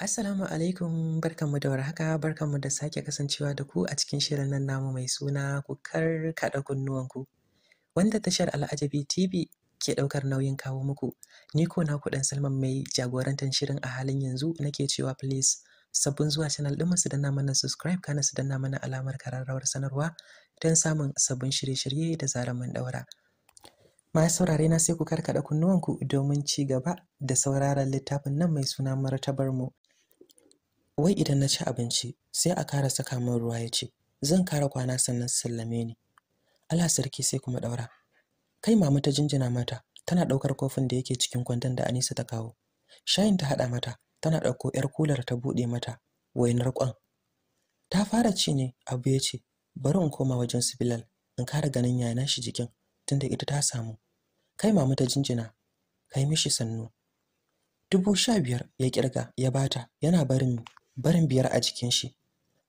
Assalamu alaikum barkanmu da warhaka barkanmu da sake kasancewa da ku a cikin shirin nan namu mai suna ku karkaɗa kunnuwanku wanda tashar Al'ajabi TV ke ɗaukar nauyin kawo muku ni ko naku ɗan Salman mai jagorantar shirin a halin yanzu nake cewa please sabbin zuwa channel ɗinmu su danna mana subscribe kana su danna mana alamar kararrawar sanarwa don samun sabbin shirye-shirye da zaran mun ɗaura. Masu saurare na sai ku karkaɗa kunnuwanku domin ci gaba da sauraron littafin nan mai suna martabar mu wai idan na ci abinci sai a kara saka min ruwa ya ce zan kara kwana sannan sallame ni Allah sarki sai kuma daura kai mama ta jinjina mata tana daukar kofin da yake cikin kwandon da Anisa ta kawo shayin ta hada mata tana dauko yar kular ta bude mata wainar kwan ta fara ci ne abu ya ce bari in koma wajen su Bilal in kara ganin yana shi jikin tunda ita ta samu kai mama ta jinjina kai mishi sannu dubu sha biyar ya kirga ya bata yana barin barin biyar a jikin shi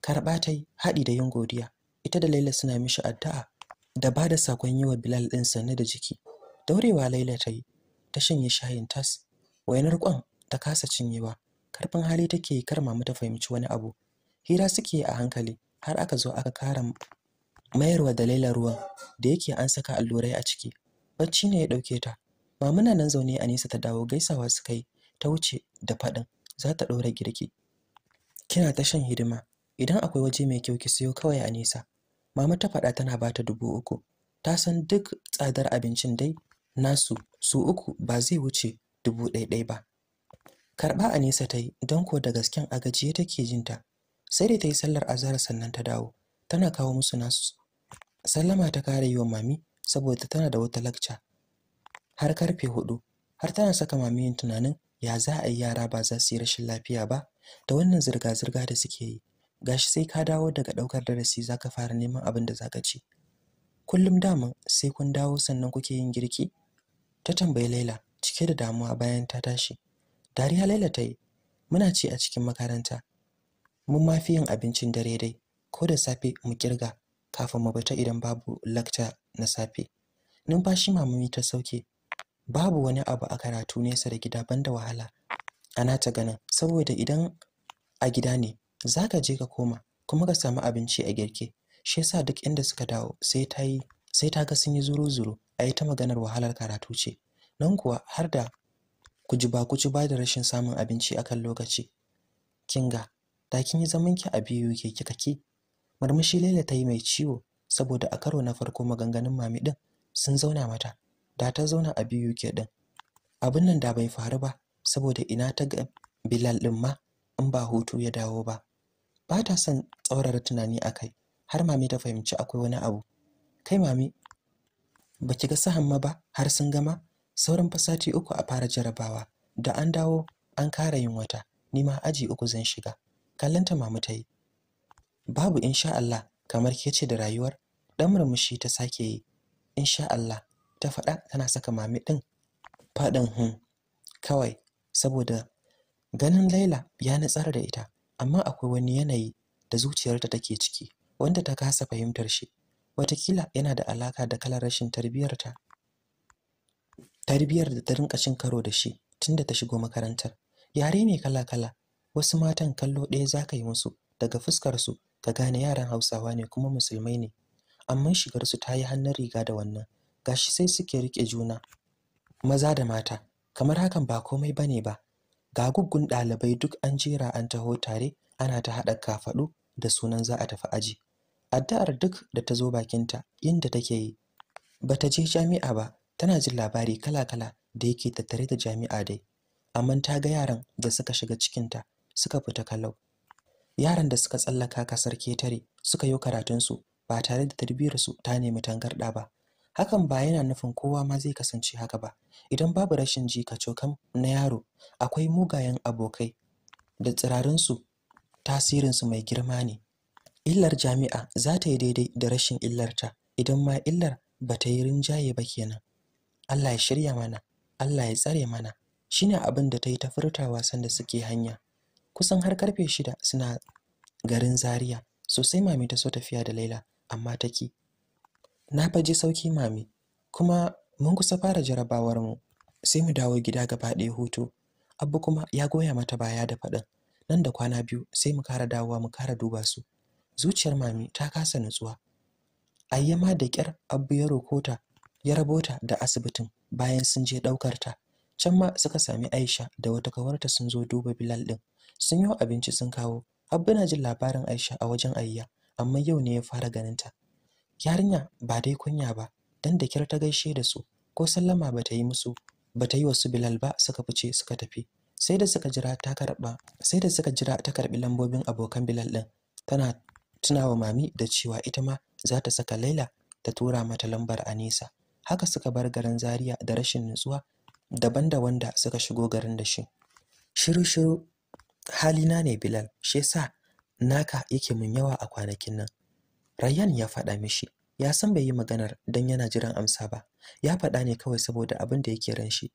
karɓa ta yi haɗi da yin godiya ita da laila suna mishi addu'a da ba da sakon yi wa bilal ɗin sanne da jiki daurewa laila ta yi ta shanye shayin tas wainar kwan ta kasa cinyewa karfin hali take kar mamu ta fahimci wani abu hira suke a hankali har aka zo aka kara mayarwa da laila ruwan da yake an saka allurai a ciki bacci ne ya ɗauke ta mamuna nan zaune a nesa ta dawo gaisawa suka yi ta wuce da faɗin za ta ɗaura girki kina ta shan hidima idan akwai waje mai kyau ki sayo kawai a nisa? mama ta faɗa tana bata dubu uku ta san duk tsadar abincin dai nasu su uku ba zai wuce dubu ɗaiɗai ba karɓa a nesa ta yi don ko da gasken a gajiye take jinta sai da ta yi sallar azara sannan ta dawo tana kawo musu nasu sallama ta kare yi wa mami saboda tana da wata lakca har karfe hudu har tana saka mami yin tunanin ya za a yi yara ba za su yi rashin lafiya ba da wannan zirga-zirga da suke yi gashi sai ka dawo daga ɗaukar darasi za ka fara neman abin da za ka ci kullum dama sai kun dawo sannan kuke yin girki ta tambayi Laila cike da damuwa bayan ta tashi dariya Laila ta yi muna ci a cikin makaranta mun ma yin abincin dare dai ko da safe mu kirga kafin mu bata idan babu lakta na safe numfashi mamami ta sauke babu wani abu a karatu nesa da gida banda wahala ana ta ganin saboda idan a gida ne za ka je ka koma kuma ka samu abinci a girke shi yasa duk inda suka dawo sai ta yi sai ta ga sun yi zuru-zuru a yi ta maganar wahalar karatu ce nan kuwa har da kujiba kujiba da rashin samun abinci akan lokaci kinga da kin yi zaman ki a biyu ke kika ki murmushi Laila ta yi mai ciwo saboda a karo na farko maganganun mami din sun zauna mata da ta zauna a biyu ke din abin nan da bai faru ba saboda ina ta ga Bilal din ma in ba hutu ya dawo ba ba ta son tsaurara tunani a kai. har mami ta fahimci akwai wani abu kai mami Ba ki ga sahan ma ba har sun gama sauran fasati uku a fara jarabawa da an dawo an kara yin wata ni ma aji uku zan shiga kallanta Mami ta yi babu insha Allah kamar ke ce da rayuwar dan murmushi ta sake yi insha Allah ta faɗa tana saka mami ɗin faɗin hun kawai saboda ganin Laila ya nutsar da ita amma akwai wani yanayi da zuciyarta take ciki wanda ta kasa fahimtar shi watakila yana da alaka da kalar rashin tarbiyarta tarbiyar da ta rinka cin karo da shi tunda ta shigo makarantar yare ne kala-kala wasu matan kallo ɗaya za ka yi musu daga fuskarsu ka gane yaran hausawa ne kuma musulmai ne amma shigarsu ta yi hannun riga da wannan gashi sai suke riƙe juna maza da mata kamar hakan ba komai bane ba ga guggun ɗalibai duk an jera an taho tare ana ta haɗa kafaɗu da sunan za a tafi aji addu'ar duk da ta zo bakinta inda take yi bata je jami'a ba tana jin labari kala-kala da yake tattare da jami'a dai amma ta ga yaran da suka shiga cikinta suka fita kalau yaran da suka tsallaka kasar ketare suka yi karatunsu ba tare da tarbiyyarsu ta nemi tangarɗa ba hakan ba yana nufin kowa ma zai kasance haka ba idan babu rashin ka cokan na yaro akwai mugayen abokai da tsirarinsu tasirinsu mai girma ne illar jami'a za ta yi daidai da rashin illarta idan ma illar ba ta yi rinjaye ba kenan Allah ya shirya mana Allah ya tsare mana shine abin da ta yi ta wasan sanda suke hanya kusan har karfe shida suna garin Zaria sosai mami ta so tafiya da Laila amma ta ki na fa sauki mami kuma mun kusa fara jarabawar mu sai mu dawo gida gaba ɗaya hutu abu kuma ya goya mata baya da faɗin nan da kwana biyu sai mu kara dawowa mu kara duba su zuciyar mami ta kasa nutsuwa ayyama da ƙyar abu ya rokota ya rabota da asibitin bayan sun je ɗaukar ta can ma suka sami Aisha da wata kawarta sun zo duba Bilal ɗin. sun yi abinci sun kawo Abba na jin labarin Aisha a wajen Ayya amma yau ne ya fara ganin ta yarinya ba dai kunya ba dan da kyar ta gaishe da su ko sallama ba ta yi musu ba yi wasu bilal ba suka fice suka tafi sai da suka jira ta karba sai da suka jira ta karbi lambobin abokan bilal din tana tunawa mami da cewa ita ma za ta saka laila ta tura mata lambar anisa haka suka bar garin zaria da rashin nutsuwa daban da wanda suka shigo garin da shi shiru shiru halina ne bilal shi yasa naka yake mun yawa a kwanakin nan Rayyan ya faɗa mishi, ya san bai yi maganar don yana jiran amsa ba. Ya faɗa ne kawai saboda abin da yake ran shi.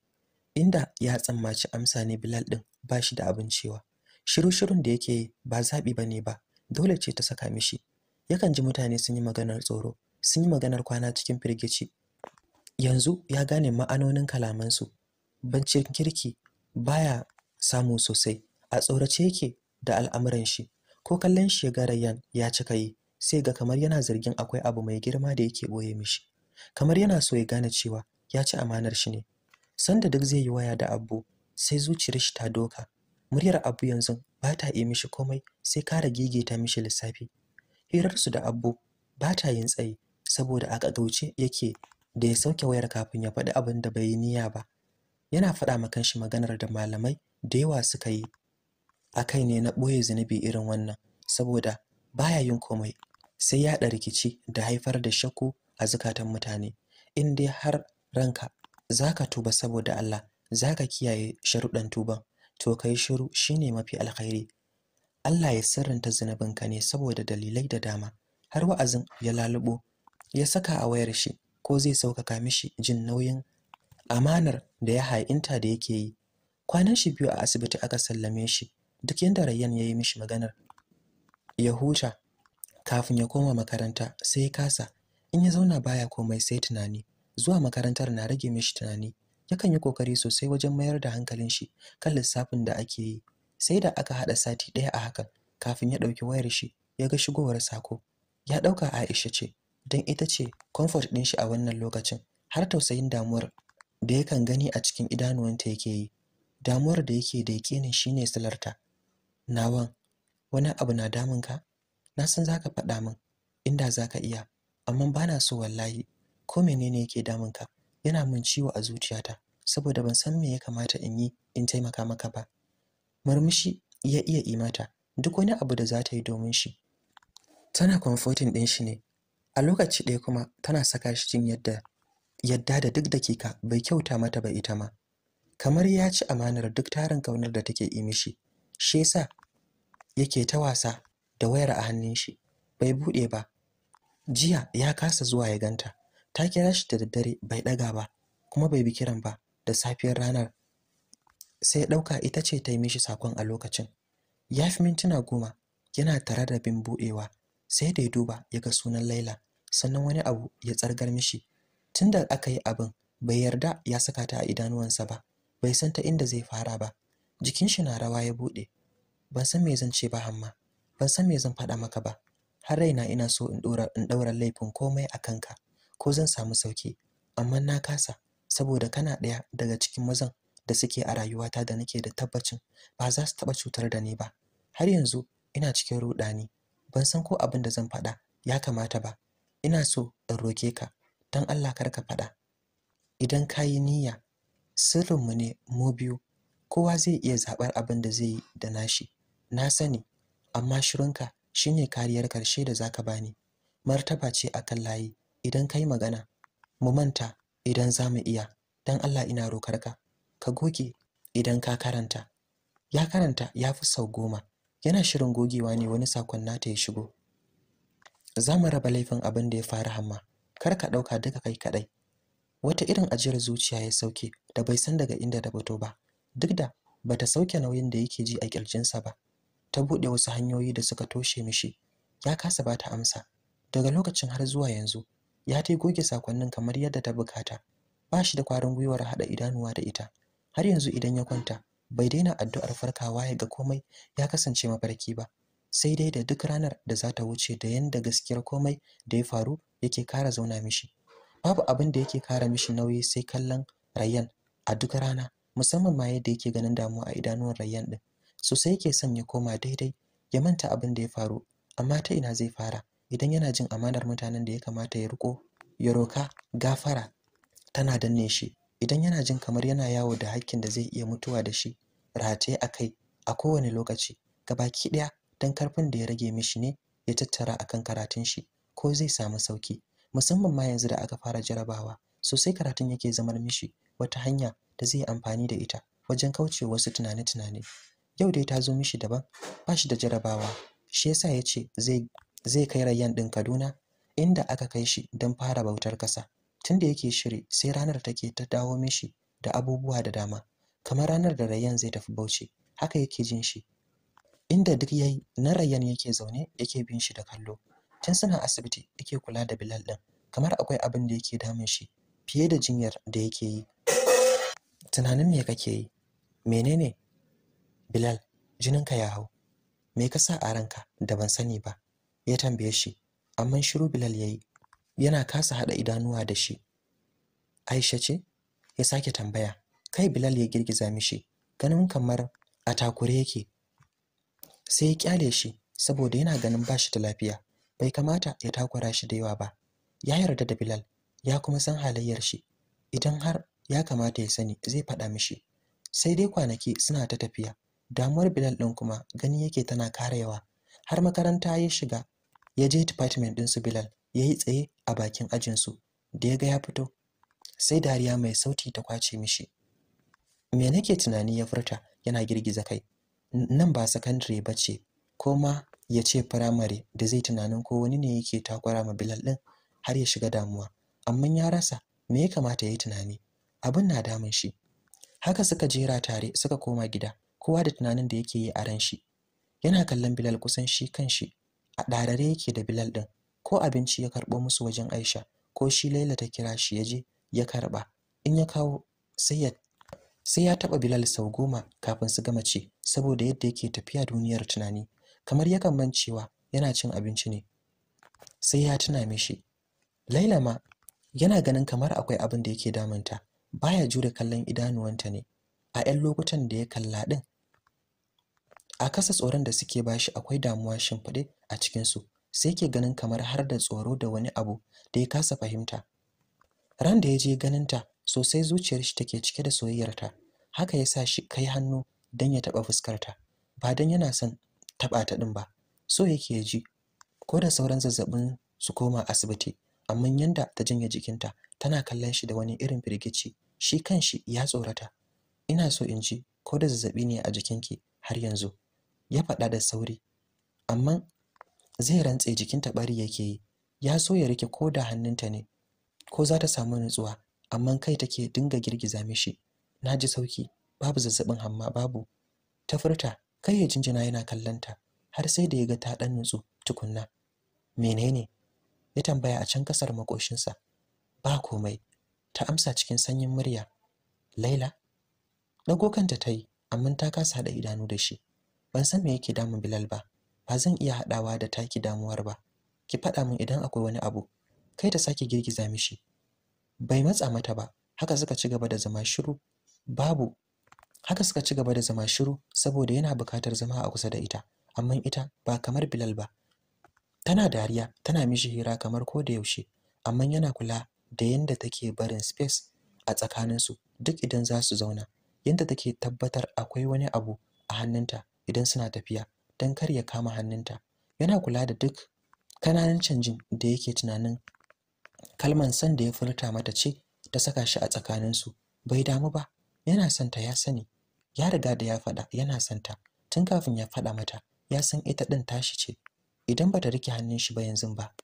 Inda ya tsammaci amsa ne Bilal ɗin ba shi da abin cewa. Shiru-shirun da yake ba zaɓi ba ne ba, dole ce ta saka mishi. Yakan ji mutane sun yi maganar tsoro, sun yi maganar kwana cikin firgici. Yanzu ya gane ma'anonin kalamansu. Bancin kirki baya samu sosai, a tsorace yake da al'amuran shi. Ko kallon shi ya ga Rayyan ya cika yi, sai ga kamar yana zargin akwai abu mai girma da yake boye mishi kamar yana so ya gane cewa ya ci amanar shi ne sanda duk zai yi waya da abu sai zuciyar shi ta doka muryar abu yanzu ba ta yi mishi komai sai kara gigita mishi lissafi hirarsu da abu ba ta yin tsayi saboda a ƙaƙauce yake da ya sauke wayar kafin ya faɗi abin da bai yi niyya ba yana faɗa ma kanshi maganar da malamai da yawa suka yi a kai ne na ɓoye zunubi irin wannan saboda baya yin komai sai yaɗa rikici da haifar da shakku a zukatan mutane in dai har ranka zaka tuba saboda Allah zaka kiyaye sharuɗan tuban to kai shiru shine mafi alkhairi Allah ya sirrinta zinabinka ne saboda dalilai da dama har wa'azin ya lalubo ya saka a wayar shi ko zai sauƙaƙa mishi jin nauyin amanar da ya ha'inta da yake yi kwanan shi biyu a asibiti aka sallame shi duk yanda Rayyan ya yi mishi maganar ya huta kafin ya koma makaranta sai ya kasa in ya zauna baya komai sai tunani zuwa makarantar na rage mishi tunani yakan yi kokari sosai wajen mayar da hankalin shi kan lissafin da ake yi sai da aka hada sati daya a hakan kafin ya dauki wayar shi ya ga shigowar sako ya dauka Aisha ce don ita ce comfort din shi a wannan lokacin har tausayin damuwar da yakan gani a cikin idanuwanta yake yi damuwar da yake da yakinin shine silarta nawan wani abu na damun ka na san za ka faɗa min inda za ka iya amma bana so wallahi ko menene yake damun ka yana min ciwo a zuciyata saboda ban san me ya kamata in yi in taimaka maka ba murmushi ya iya imata duk wani abu da za ta yi domin shi tana comforting din shi ne a lokaci ɗaya kuma tana saka shi jin yadda yadda da duk dakika bai kyauta mata ba ita ma kamar ya ci amanar duk tarin kaunar da take yi mishi shi yasa yake ta wasa da wayar a hannun shi bai buɗe ba jiya ya kasa zuwa ya ganta ta kira shi da daddare bai ɗaga ba kuma bai bi kiran ba da safiyar ranar sai ɗauka ita ce ta yi mishi sakon a lokacin ya fi mintuna goma yana tare da bin buɗewa sai da ya duba ya ga sunan laila sannan wani abu ya tsargar mishi tunda aka yi abin bai yarda ya saka ta a idanuwansa ba bai san ta inda zai fara ba jikin shi na rawa ya buɗe ban san me zan ce ba hamma ban san me zan faɗa maka ba har raina ina so in ɗora in ɗaura laifin komai a kanka ko zan samu sauki amma na kasa saboda kana ɗaya daga cikin mazan da suke a rayuwata da nake da tabbacin ba za su taɓa cutar da ni ba har yanzu ina cikin ruɗani ban san ko abin da zan faɗa ya kamata ba ina so in roke ka don Allah kar ka faɗa idan ka yi niyya sirrinmu ne mu biyu kowa zai iya zaɓar abin da zai yi da nashi na sani amma shirinka shine kariyar karshe da zaka bani martaba ce akan layi idan kai magana mu manta idan zamu iya dan Allah ina rokar ka Ka goge idan ka karanta ya karanta ya fi sau goma yana shirin gogewa ne wani sakon nata ya shigo za mu raba laifin abin da ya faru hamma kar ka ɗauka duka kai kaɗai wata irin ajiyar zuciya ya sauke da bai san daga inda da bato ba duk da bata sauke nauyin da yake ji a kirjinsa ba ta buɗe wasu hanyoyi da suka toshe mishi ya kasa ba ta amsa daga lokacin har zuwa yanzu ya ta goge sakonnin kamar yadda ta bukata ba shi da kwarin gwiwar haɗa idanuwa da ita har yanzu idan ya kwanta bai daina addu'ar farkawa ya ga komai ya kasance mafarki ba sai dai da duk ranar da za ta wuce da yadda gaskiyar komai da ya faru yake kara zauna mishi babu abin da yake kara mishi nauyi sai kallon Rayyan a duk rana musamman ma yadda yake ganin damuwa a idanuwan Rayyan din sosai yake son ya koma daidai ya manta abin da ya faru amma ta ina zai fara idan yana jin amanar mutanen da ya kamata ya riko ya roka gafara tana danne shi idan yana jin kamar yana yawo da hakkin da zai iya mutuwa da shi rataye a kai a kowane lokaci gabaki ɗaya dan karfin da ya rage mishi ne ya tattara a kan karatun shi ko zai samu sauki musamman ma yanzu da aka fara jarabawa sosai karatun yake zamar mishi wata hanya da zai amfani da ita wajen kauce wasu tunane-tunane yau dai ta zo mishi daban ba shi da jarabawa shi yasa ya ce zai kai rayyan ɗin kaduna inda aka kai shi don fara bautar ƙasa tunda yake shiri sai ranar take ta dawo mishi da abubuwa da dama kamar ranar da rayyan zai tafi bauchi haka yake jin shi inda duk yayi na rayyan yake zaune yake bin shi da kallo tun suna asibiti yake kula da bilal ɗin kamar akwai abin da yake damun shi fiye da jinyar da yake yi tunanin me kake yi menene Bilal, jininka ya hau. Me ka sa a ranka da ban sani ba? Ya tambaye shi, amma shiru Bilal yayi. Yana kasa hada idanuwa da shi. Aisha ce? Ya sake tambaya. Kai Bilal ya girgiza mishi, ganin kamar a takure yake. Sai ya kyale shi saboda yana ganin ba shi da lafiya. Bai kamata ya takura shi da yawa ba. Ya yarda da Bilal, ya kuma san halayyar shi. Idan har ya kamata ya sani zai faɗa mishi. Sai dai kwanaki suna ta tafiya. damuwar bilal din kuma gani yake tana karewa. har makaranta ya shiga ya je department din su bilal ya yi tsaye a bakin ajinsu da ya ga ya fito sai dariya mai sauti ta kwace mishi me nake tunani ya furta yana girgiza kai nan ba sakandare ba ce ko ma ya ce firamare da zai tunanin ko wani ne yake takura ma bilal din har ya shiga damuwa amma ya rasa me ya kamata ya yi tunani abin na damun shi haka suka jera tare suka koma gida kowa da tunanin da yake yi a ran shi yana kallon Bilal kusan shi kanshi a ɗarare yake da Bilal din ko abinci ya karɓo musu wajen Aisha ko shi Laila ta kira shi ya je ya karɓa in ya kawo sai ya sai ya taɓa Bilal sau goma kafin su gama ci saboda yadda yake tafiya duniyar tunani kamar yakan mancewa yana cin abinci ne sai ya tuna mishi Laila ma yana ganin kamar akwai abin da yake damunta baya jure kallon idanuwanta ne a 'yan lokutan da ya kalla din a kasa tsoron da suke bashi akwai damuwa shimfiɗe a cikinsu sai ke ganin kamar har da tsoro da wani abu da ya kasa fahimta ran da ya je ganinta sosai zuciyar shi take cike da soyayyarta haka ya sa shi kai hannu don ya taɓa fuskarta ba don yana son taɓa ta ɗin ba so yake ji ko da sauran zazzabin su koma asibiti amma yanda ta janye jikinta tana kallon shi da wani irin firgici shi kanshi ya tsorata ina so in ji ko da zazzaɓi ne a jikinki har yanzu ya faɗa da sauri amma zai rantse jikinta bari yake yi ya so ya rike ko da hannunta ne ko za ta samu nutsuwa amma kai take dinga girgiza mishi naji sauki babu zazzabin hamma babu ta furta kai ya jinjina yana kallanta har sai da ya ga ta ɗan nutsu tukunna menene ya tambaya a can kasar makoshinsa ba komai ta amsa cikin sanyin murya laila dago kanta ta yi amma ta kasa da idanu da shi ban san me yake damun Bilal ba ba zan iya haɗawa da taki damuwar ba ki faɗa min idan akwai wani abu kai ta sake girgiza mishi bai matsa mata ba haka suka ci gaba da zama shiru babu haka suka ci gaba da zama shiru saboda yana bukatar zama a kusa da ita amma ita ba kamar Bilal ba tana dariya tana mishi hira kamar ko da yaushe amma yana kula da yanda take barin space a tsakaninsu duk idan za su zauna yanda take tabbatar akwai wani abu a hannunta idan suna tafiya don kar ya kama hannunta yana kula da duk kananan canjin da yake tunanin kalman san da ya furta mata ce ta saka shi a tsakaninsu bai damu ba yana santa ya sani ya riga da ya faɗa yana santa tun kafin ya faɗa mata ya san ita ɗin tashi ce idan bata rike hannun shi ba yanzu ba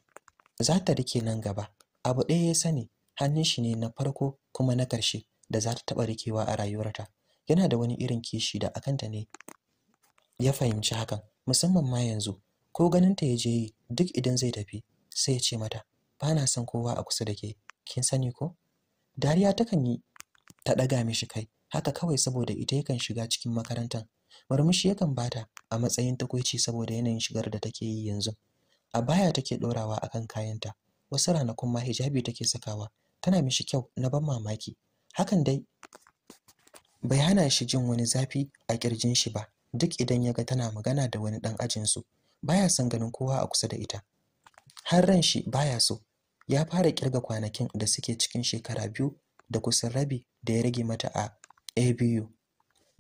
za ta rike nan gaba abu ɗaya ya sani hannun shi ne na farko kuma na ƙarshe da za ta taɓa rikewa a rayuwarta yana da wani irin kishi da akanta ne ya fahimci hakan musamman ma yanzu ko ganin ta je yi duk idan zai tafi sai ya ce mata ba na son kowa a kusa da ke kin sani ko dariya takan yi ta ɗaga mishi kai haka kawai saboda ita yakan shiga cikin makarantar murmushi yakan bata a matsayin takwaici saboda yanayin shigar da take yi yanzu a baya take dorawa akan kayanta wasu ranakun ma hijabi take sakawa tana mishi kyau na ban mamaki hakan dai bai hana shi jin wani zafi a kirjin shi ba duk idan ya ga tana magana da wani ɗan ajinsu baya son ganin kowa a kusa da ita har ran shi baya so ya fara kirga kwanakin da suke cikin shekara biyu da kusan rabi da ya rage mata a abu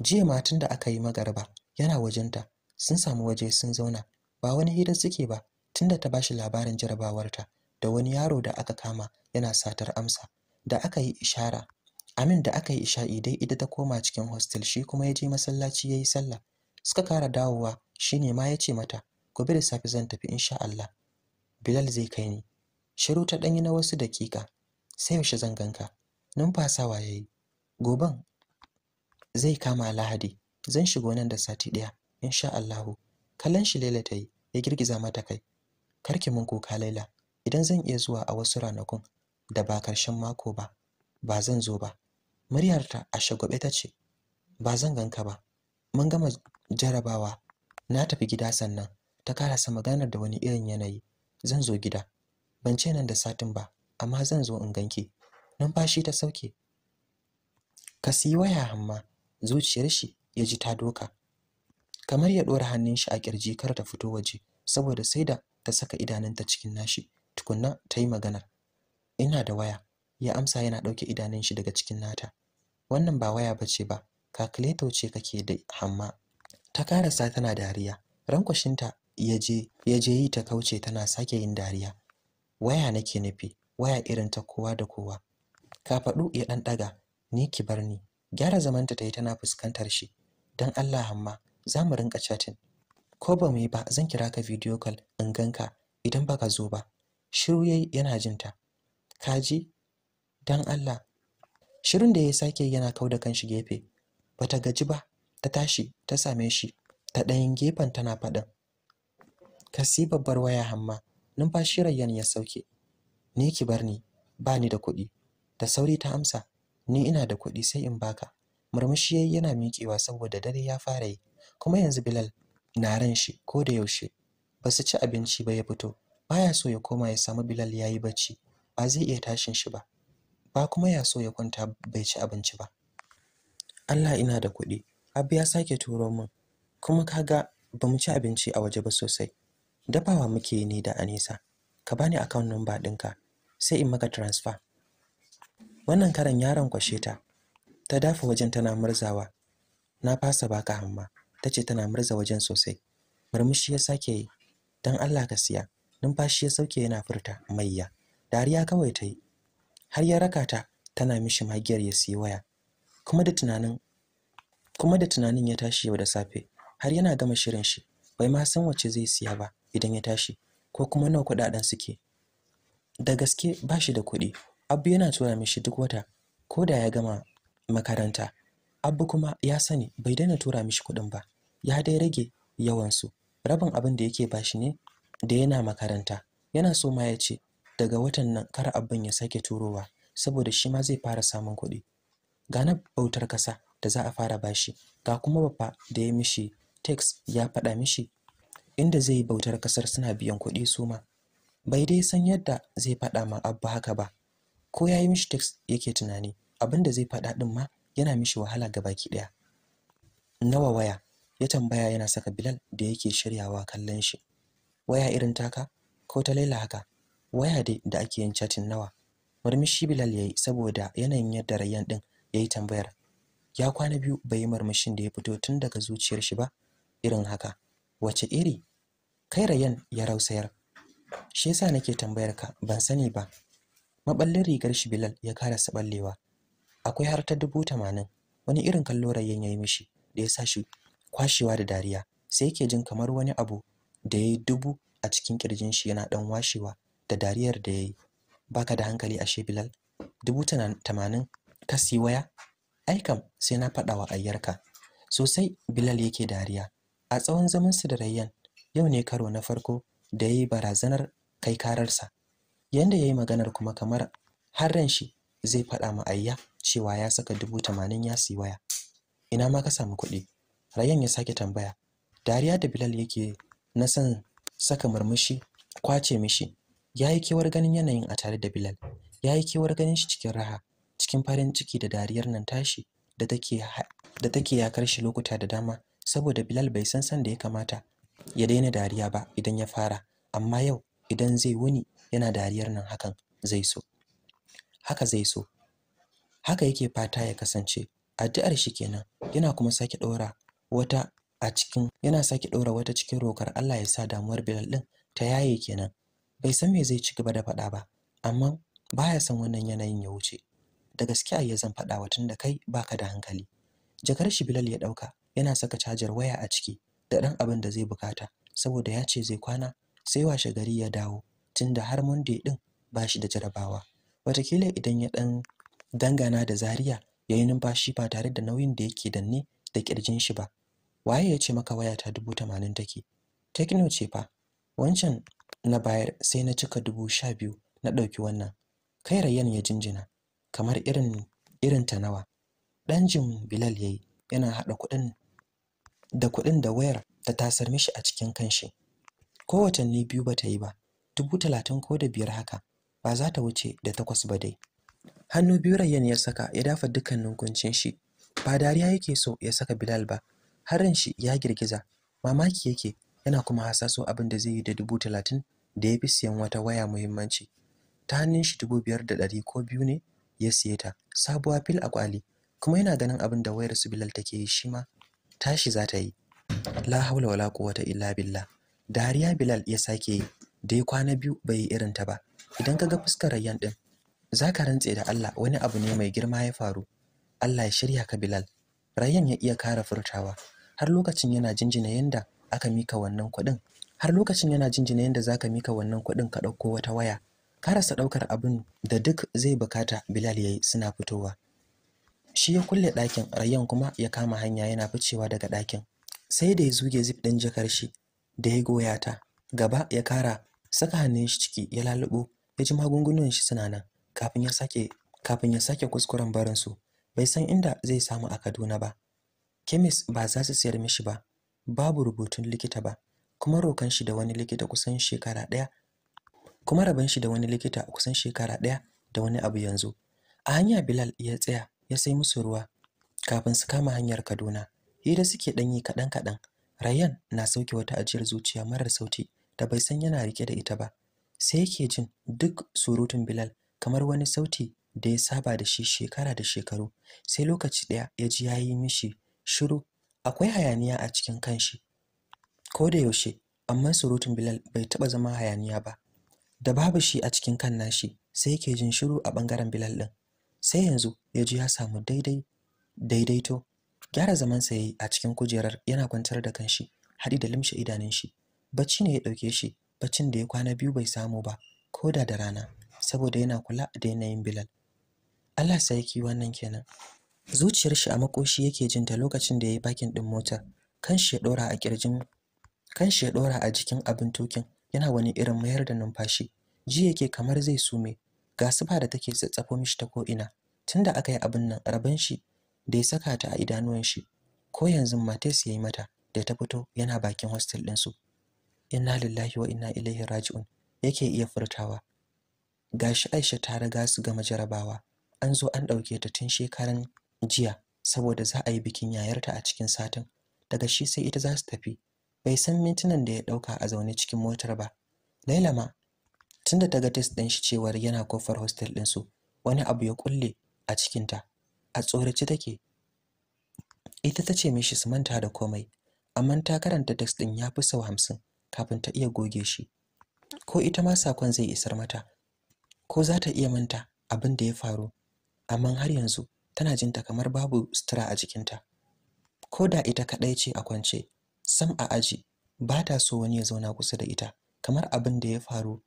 jiya matan da aka yi magarba yana wajenta sun samu waje sun zauna ba wani hira suke ba tunda ta ba shi labarin jarabawarta da wani yaro da aka kama yana satar amsa da aka yi ishara amin da aka yi isha'i dai ita ta koma cikin hostel shi kuma ya je masallaci ya yi sallah suka kara dawowa ne, ma ya ce mata gobe da safe zan tafi insha Allah Bilal zai kai ni shiru ta danyi na wasu dakika sai yaushe zan ganka numfasawa yayi goban zai kama Lahadi zan shigo nan da sati daya insha Allah kallon shi Laila tayi ya girgiza mata kai karki mun kuka Laila idan zan iya zuwa a wasu ranakun da ba karshen mako ba ba zan zo ba muryarta a shagobe tace ba zan ganka ba mun gama jarabawa na tafi gida sannan ta karasa maganar da wani irin yanayi zan zo gida ban ce nan da satin ba amma zan zo in ganki numfashi ta sauke ka siyi waya hamma. zuciyar shi ya ji ta doka kamar ya ɗora hannun shi a kirji kar ta fito waje saboda sai da ta saka idanunta cikin nashi tukunna ta yi maganar ina da waya ya amsa yana ɗauke idanun shi daga cikin nata wannan ba waya ba ce ba kakileto ce kake da hamma ta karasa tana dariya rankwashinta ya je yi ta kauce tana sake yin dariya waya nake nufi waya irin ta kowa da kowa ka faɗu ya ɗan ɗaga ni ki bar ni gyara zamanta ta yi tana fuskantar shi don allah hamma za mu rinka chatting ko ba mu yi ba zan kira ka video call in ganka idan baka zo ba shiru yayi yana jinta kaji dan Allah shirin da ya sake yana kau kauda shi gefe bata gaji ba ta tashi ta same shi ta ɗayan gefen tana faɗin Ka kasi babbar waya hamma numfashi rayyan ya sauke ni ki bar ni ba ni da kuɗi da sauri ta amsa ni ina da kuɗi sai in baka murmushi yayi yana miƙewa saboda dare ya fara yi kuma yanzu Bilal na ran shi ko da yaushe ba su ci abinci ba ya fito baya so ya koma ya samu Bilal ya yi bacci ba zai iya tashin shi ba ba kuma ya so ya kwanta bai ci abinci ba Allah ina da kuɗi Abu ya sake turo min. Kuma ka ga ba mu ci abinci a waje ba sosai. Dafawa muke yi ni da Anisa. Ka bani account number ɗinka sai in maka transfer. Wannan karan yaron kwashe ta. Ta dafa wajen tana murzawa. Na fasa baka hamma. ce tana murza wajen sosai. Murmushi ya sake yi. Dan Allah ka siya. Numfashi ya sauke yana furta mayya. Dariya kawai ta yi. Har ya rakata. ta tana mishi magiyar ya siyi waya. Kuma da tunanin kuma da tunanin ya tashi yau da safe har yana gama shirin shi bai ma san wace zai siya ba idan ya tashi ko kuma nawa kuɗaɗen suke da gaske ba shi da kuɗi abu yana tura mishi duk wata ko da ya gama makaranta abu kuma ya sani bai daina tura mishi kuɗin ba ya dai rage yawansu rabin abin da yake bashi ne da yana makaranta yana so ma ya ce daga watan nan kar abin ya sake turowa saboda shi ma zai fara samun kuɗi ga bautar kasa da za a fara bashi ga kuma baffa da ya mishi text ya faɗa mishi inda zai yi bautar kasar suna biyan kuɗi su ma bai dai san yadda zai faɗa ma abba haka ba ko ya yi mishi ya yake tunani abin da zai faɗa ɗin ma yana mishi wahala ga baki ɗaya nawa waya ya tambaya yana saka bilal da yake shiryawa kallon shi waya irin taka ko ta laila haka waya dai da ake yin chatting nawa murmushi bilal yayi saboda yanayin yadda rayyan din yayi tambayar ya kwana biyu bai yi murmushin da ya fito tun daga zuciyar shi ba irin haka wace iri kai rayan ya rausayar shi yasa nake tambayar ka ban sani ba maballin rigar shi Bilal ya karasa ballewa akwai har ta dubu tamanin wani irin kallo rayan ya yi mishi da ya sa shi kwashewa da dariya sai yake jin kamar wani abu da ya yi dubu a cikin kirjin shi yana dan washewa da dariyar da ya yi baka da hankali ashe Bilal dubu tamanin kasi waya ai kam sai na faɗa wa ayyarka sosai bilal yake dariya a tsawon zaman su da rayyan yau ne karo na farko da yayi barazanar kai kararsa yanda yayi maganar kuma kamar har ran shi zai faɗa ma ayya cewa ya saka dubu tamanin ya siyi waya ina ma ka samu kuɗi rayyan ya sake tambaya dariya da bilal yake na san saka murmushi kwace mishi yayi kewar ganin yanayin a tare da bilal yayi kewar ganin shi cikin raha cikin farin ciki da dariyar nan tashi da take da take yakar shi lokuta da dama saboda Bilal bai san san da ya kamata ya daina dariya ba idan ya fara amma yau idan zai wuni yana dariyar nan hakan zai so haka zai so haka yake fata ya kasance addu'ar shi kenan yana kuma sake ɗora wata a cikin yana sake ɗora wata cikin rokar Allah ya sa damuwar Bilal din ta yaye kenan bai san me zai ci gaba da faɗa ba amma baya san wannan yanayin ya wuce da gaskiya ya zan faɗa wa tunda kai baka da hankali jakar shi Bilal ya ɗauka, yana saka cajar waya a ciki da ɗan abin da zai bukata saboda ya ce zai kwana sai washe gari ya dawo tunda har Monday ɗin ba shi da jarabawa watakila idan ya dan dangana da Zaria yayin numfashi ba tare da nauyin da yake danne da kirjin shi ba waye ya ce maka waya ta dubu 80 take techno ce fa wancan na bayar sai na cika dubu sha biyu na ɗauki wannan kai rayyan ya jinjina kamar irin irin ta nawa danjin Bilal yayi yana hada kudin da kudin da wayar ta tasar mishi a cikin kanshi ko watanni biyu bata yi ba dubu talatin ko da biyar haka ba za ta wuce da takwas ba dai hannu biyu rayyan ya saka ya dafa dukkanin kuncin shi ba dariya yake so ya saka Bilal ba harin shi ya girgiza mamaki yake yana kuma hasaso abin da zai yi da dubu talatin da ya fi siyan wata waya muhimmanci ta hannun shi dubu biyar da ɗari ko biyu ne ya siye ta sabuwa fil a kwali kuma yana ganin abin da wayar su Bilal take yi shi ma tashi za ta yi la haula wala quwwata illa billah dariya Bilal ya sake yi da ya kwana biyu bai yi irin ta ba idan ka ga fuskar Rayyan din ka rantse da Allah wani abu ne mai girma ya faru Allah ya shirya ka Bilal Rayyan ya iya kara furtawa har lokacin yana jinjina yanda aka mika wannan kuɗin har lokacin yana jinjina yanda zaka mika wannan kuɗin ka ɗauko wata waya karasa ɗaukar abin da duk zai bukata Bilal yayi suna fitowa. Shi ya kulle ɗakin, Rayyan kuma ya kama hanya yana ficewa daga ɗakin. Sai da ya zuge zip ɗin jakar shi da ya goya ta. Gaba ya kara saka hannun shi ciki ya lalubo ya ji magungunan shi suna nan kafin ya sake kafin ya sake kuskuren barin su. Bai san inda zai samu a Kaduna ba. Kemis ba za su sayar mishi ba. Babu rubutun likita ba. Kuma rokan shi da wani likita kusan shekara ɗaya kuma rabin shi da wani likita a kusan shekara ɗaya da wani abu yanzu a hanya bilal ya tsaya ya sai musu ruwa kafin su kama hanyar kaduna hira suke ɗanyi kaɗan kaɗan rayan na sauke wata ajiyar zuciya marar sauti da bai san yana rike da ita ba sai yake jin duk surutun bilal kamar wani sauti da ya saba da shi shekara da shekaru sai lokaci ɗaya ya ji ya yi mishi shiru akwai hayaniya a cikin kanshi ko da yaushe amma surutun bilal bai taɓa zama hayaniya ba da babu shi a cikin kan nashi sai yake jin shiru a ɓangaren Bilal din sai yanzu ya ji ya samu daidai daidaito gyara zaman sa yayi a cikin kujerar yana kwantar da kanshi hadi da limshe idanun shi bacci ne ya ɗauke shi baccin da ya kwana biyu bai samu ba ko da da rana saboda yana kula da yanayin Bilal Allah sarki wannan kenan zuciyar shi a makoshi yake jin ta lokacin da ya yi bakin ɗin motar kanshi ya dora a kirjin kanshi ya dora a jikin abin tukin. yana wani irin mayar da numfashi ji yake kamar zai sume ga sufa da take tsatsafo mishi ta ko'ina tunda aka yi abin nan rabon shi da ya saka ta a idanuwan shi ko yanzu mates ya yi mata da ta fito yana bakin hostel su. inna lillahi wa inna ilaihi raji'un yake iya furtawa gashi Aisha ta riga su gama jarabawa an zo an ɗauke ta tun shekaran jiya saboda za a yi bikin yayarta a cikin satin daga shi sai ita za su tafi bai san mintunan da ya ɗauka a zaune cikin motar ba laila ma tunda ta ga test ɗin shi cewar yana kofar hostel ɗin su wani abu ya kulle a cikinta a tsorace take ita ta ce mishi su manta da komai amma ta karanta text ɗin ya fi sau hamsin kafin ta iya goge shi ko ita ma sakon zai isar mata ko za ta iya manta abin da ya faru amma har yanzu tana jinta kamar babu sutura a jikinta ko da ita kaɗai ce a kwance sam a aji ba ta so wani ya zauna kusa da ita kamar abin da ya faru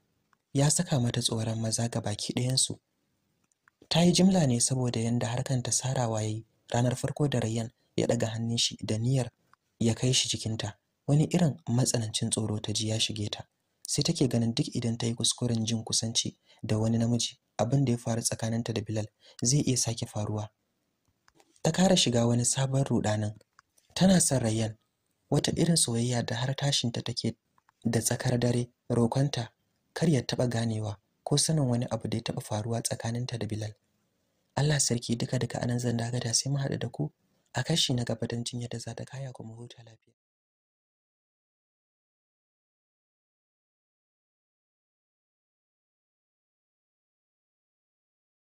ya saka mata tsoron maza ga baki ɗayansu ta yi jimla ne saboda yadda harkan ta sarawa ya yi ranar farko da rayyan ya ɗaga hannun shi da niyyar ya kai shi jikinta wani irin matsanancin tsoro ta ji ya shige ta sai take ganin duk idan ta yi kuskuren jin kusanci da wani namiji abin da ya faru tsakaninta da Bilal zai iya sake faruwa. Ta kara shiga wani sabon rudanin. Tana son Rayyan wata irin soyayya da har tashinta take da tsakar dare rokonta kar ya taɓa ganewa ko sanin wani abu da ya taɓa faruwa tsakaninta da Bilal. Allah sarki duka duka anan zan dagada sai mu haɗu da ku a kashi na gaba don jinya da za ta kaya kuma huta lafiya.